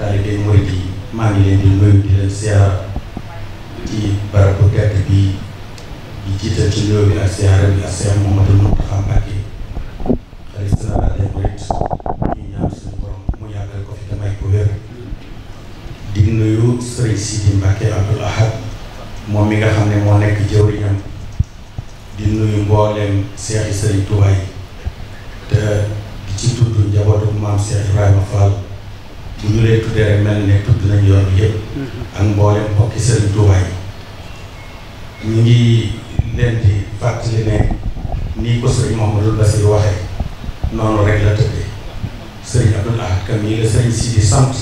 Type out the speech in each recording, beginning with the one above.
taalibe murid yi maa ngi leen di nuyu di leen siyaara ci barab bu tedd bi di jiital ci nuyoo bi ak siyaara bi ak Seex Mamadu Muntaxa Mbàkke xalifa général des mourides ñu ñaan suñu borom mu yàggal ko fi te may ko wér di nuyu Sëriñ Sidi Mbàkke Abdul Ahad moom mi nga xam ne moo nekk jëwriñam di nuyu mbooleem seexi Sëriñ Tuubaa yi te di ci tudd njabootu maam Seex Ibrahima Fall bu ñu lay tuddee rek mel ne tudd nañ yoon bi yëpp ak mboolem mbokki sëriñ Tuubaa yi ñu ngi leen di fàttali ne nii ko sëriñ Mouhamadou Bassir waxee noonu rek la tëddee sëriñ Abdoul Ahad Ka mii la sëriñ si di sant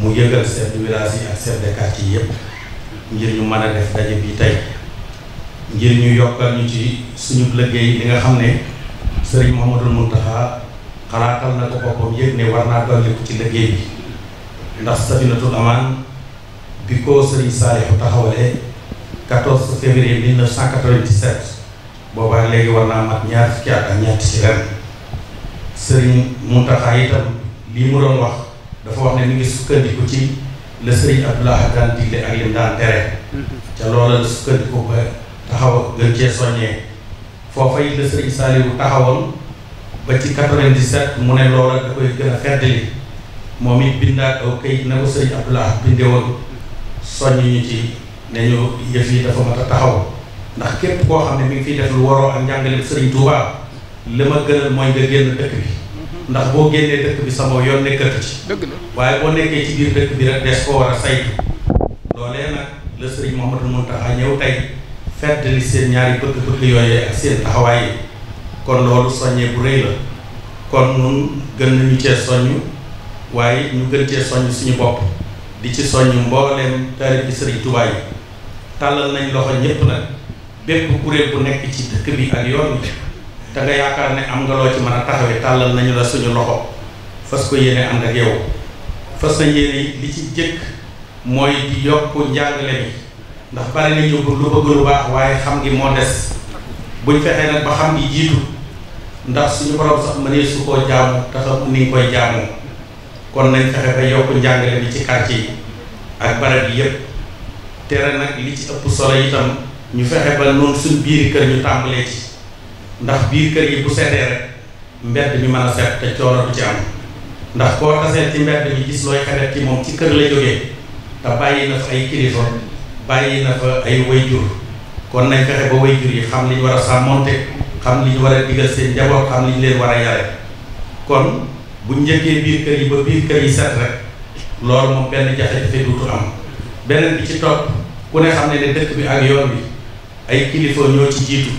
mu yëgal chef de village yi ak chef de quartier yi yëpp ngir ñu mën a def daje bi tey ngir ñu yokkal ñu ci suñu liggéey li nga xam ne sëriñ xalaatal na ko boppam yëg ne war naa ci liggéey bi ndax safinatul amaan bi ko sëriñ Saalixu taxawalee 14 février 1997 boobaa léegi war naa mat ñaar fukki ak ñett ci ren sëriñ Muntaxa itam lii mu wax dafa wax ne mi ngi sukkandiku ci la sëriñ Abdoulaye daan digle ak lim daan tere ca loola la sukkandiku ba taxaw gën cee soññee foofa it la sëriñ Saalixu taxawoon ba ci 97 mu ne loola da koy gën a feddali momi it bindaat aw këyit na ko sëriñ Abdoulah binde woon soññ ñu ci ne ñu yëf yi dafa mata a taxaw ndax képp koo xam mi ngi fiy def lu waroo ak njàngaleem sëriñ Touba li ma gënal mooy nga génn dëkk bi ndax boo génnee dëkk bi sama yoon nekkatu ci waaye boo nekkee ci biir dëkk bi rek des koo war a saytu loolee nag la sëriñ Mouhamadou Mountakha ñëw tey feddali seen ñaari bëgg-bëgg yooyee ak seen taxawaay kon loolu soññee bu rëy la kon nun gën nañu waaye ñu gën cee soññ suñu bopp di ci soññ mbooleem taalib bi sëriñ Tuubaa yi tàllal nañ loxo ñépp nag bépp kuréel bu nekk ci dëkk bi ak yoon bi te yaakaar ne am nga loo ci mën a taxawee tàllal nañu la suñu loxo fas ko yéene ànd ak yow fas na yéene li ci jëkk mooy di yokk njàngale bi ndax bari na ñu lu bëgg lu baax waaye xam ngi moo des buñ fexee nag ba xam ngi jiitu ndax suñu borom sax mënee su koo jaamu te ni nga koy jaamu kon nañ fexe ba yokk njàngale bi ci quartier yi ak barab yi yëpp tere nag li ci ëpp solo itam ñu fexe ba noonu suñ biir kër ñu tàmbalee ci ndax biir kër yi bu seetee rek mbedd mi mën a set te coono du ci am ndax koo tasee ci mbedd mi gis looy xarit ci moom ci kër la jógee te bàyyi na fa ay kilifa bàyyi na fa ay wayjur kon nañ fexe ba wayjur yi xam li ñu war a sàmmonte xam li ñu war a digal seen njaboot xam li ñu leen war a yare kon bu njëkkee biir kër yi ba biir kër yi set rek loolu moom benn jafe-jafe duutu am beneen bi ci topp ku ne xam ne ne dëkk bi ak yoon bi ay kilifa ñoo ci jiitu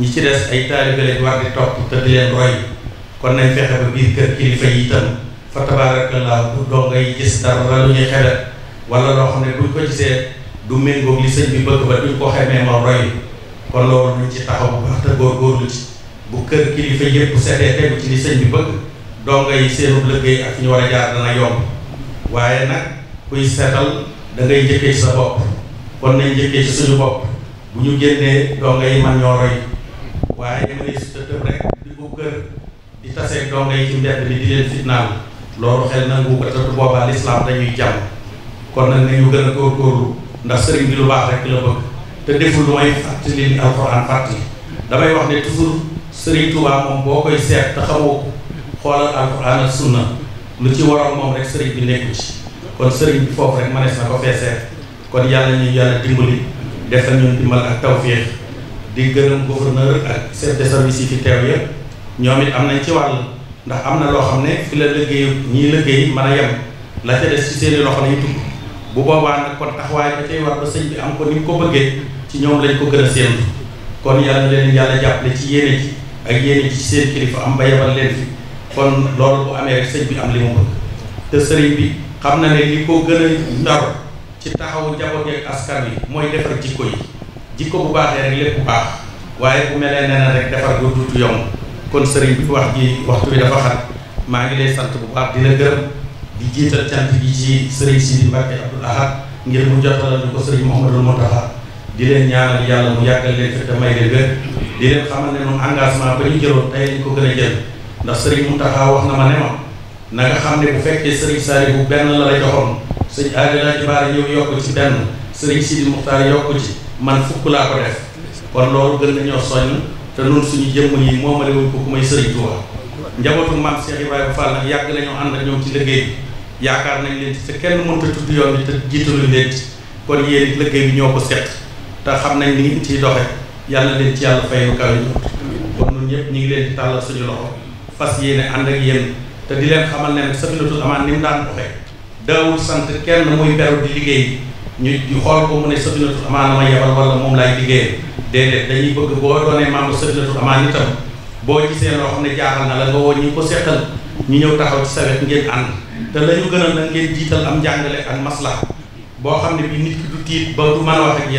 ñi ci des ay taalibe lañ war di topp te leen roy kon nañ fexe ba biir kër kilifa yi itam fa tabaarakallaa bu doo ngay gis dara lu ñuy xebet wala loo xam ne duñ ko gisee du méngoog li sëñ bi bëgg ba duñ ko xemee ma roy kon loolu luñ ci taxaw bu baax te góorgóorlu ci bu kër kilifa donga yi seenub liggéey ak fi ñu war a jaar dana yomb waaye nag kuy seetal da njëkkee ci sa bopp kon nañ njëkkee ci suñu bopp bu ñu génnee donga yi man ñoo roy waaye dama ne su rek di ko kër di taseeg donga yi ci mbedd bi di leen fitnaal loolu xel nangu ko tëdd boobaa ndax sëriñ bi lu baax rek la bëgg te lu may fàttali ni alxuraan fàttali damay wax ne toujours sëriñ Tuubaa moom boo koy seet te xamoo xoolal alxuraan ak sunna lu ci waroon moom rek sëriñ bi nekku ci kon sëriñ bi foofu rek manees na ko feeseer kon yàlla ñuy yàlla dimbali defal ñun dimbal ak tawféex di gërëm gouverneur ak chef de service yi fi teew yëpp ñoom it am nañ ci wàll ndax am na loo xam ne fi la liggéey ñiy liggéey mën a yem la ca des ci seeni loxo lay dugg bu boobaa nag kon taxawaay ba tey war ba sëñ bi am ko ni mu ko bëggee ci ñoom lañ ko gën a séentu kon yàlla leen yàlla jàppale ci yéene ji ak yéene ji am ba yebal leen kon loolu bu amee rek sëñ bi am li bëgg te sëriñ bi xam na ne li ko gën a ndar ci taxawu njaboot ak askan wi mooy defar jikko yi jikko bu baaxee rek baax bu na rek defar gu duutu kon sëriñ bi wax ji waxtu bi dafa xat maa ngi lay sant bu baax di la gërëm di jiital cant gi ci sëriñ Sidi Mbacke Abdoul Ahad ngir mu jotalal ñu ko sëriñ Mouhamadou Mountakha di leen ñaanal yàlla mu yàggal leen fi te may leen di leen xamal engagement ba ñu ko jël ndax sëriñ Mountakha wax na ma ne ma na nga xam ne bu fekkee sëriñ Saliou benn la la joxoon sëñ Adila Jibaar yow yokk ci benn sëriñ Sidi Muxtaar yokk ci man fukk laa ko def kon loolu gën nañoo soññ te noonu suñu jëmm yi moomale wuñ ko ku may sëriñ Touba njabootu maam Cheikh Ibrahima Fall nag yàgg nañoo ànd ak ñoom ci liggéey bi yaakaar nañ leen ci te kenn mënta tudd yoon bi te jiitaluñ leen ci kon yéen it liggéey bi ñoo ko seq te xam nañ ni ngi ciy doxe yàlla ci yàlla fay lu ñëpp ñu ngi leen di tàllal suñu loxo fas yéene ànd ak yéen te di leen xamal ne Safiinatul Amaan ni mu daan sant kenn muy beru di liggéey ñu ñu xool ko mu ne Safiinatul Amaan ma yebal wala moom laay liggéeyee déedéet dañuy bëgg boo doonee membre Safiinatul Amaan itam boo gisee loo xam ne jaaxal na la nga woo ñi ko seqal ñu ñëw taxaw ci sa ngeen ànd te la gënal nag ngeen jiital am njàngale ak maslaha bi nit ki du tiit ba du wax ak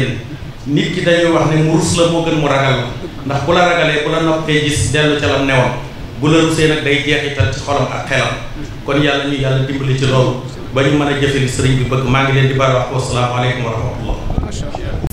nit ki dañuy wax ne mu rus la gën mu ragal ndax bu la ragalee bu la gis lam bu la rusee nag day jeexital ci xolam ak xelam kon yàlla ñuy yàlla dimbali ci loolu ba ñu mën a jëfe li sëriñ bi bëgg maa ngi leen di bari wax wasalaamaaleykum wa rahmatullah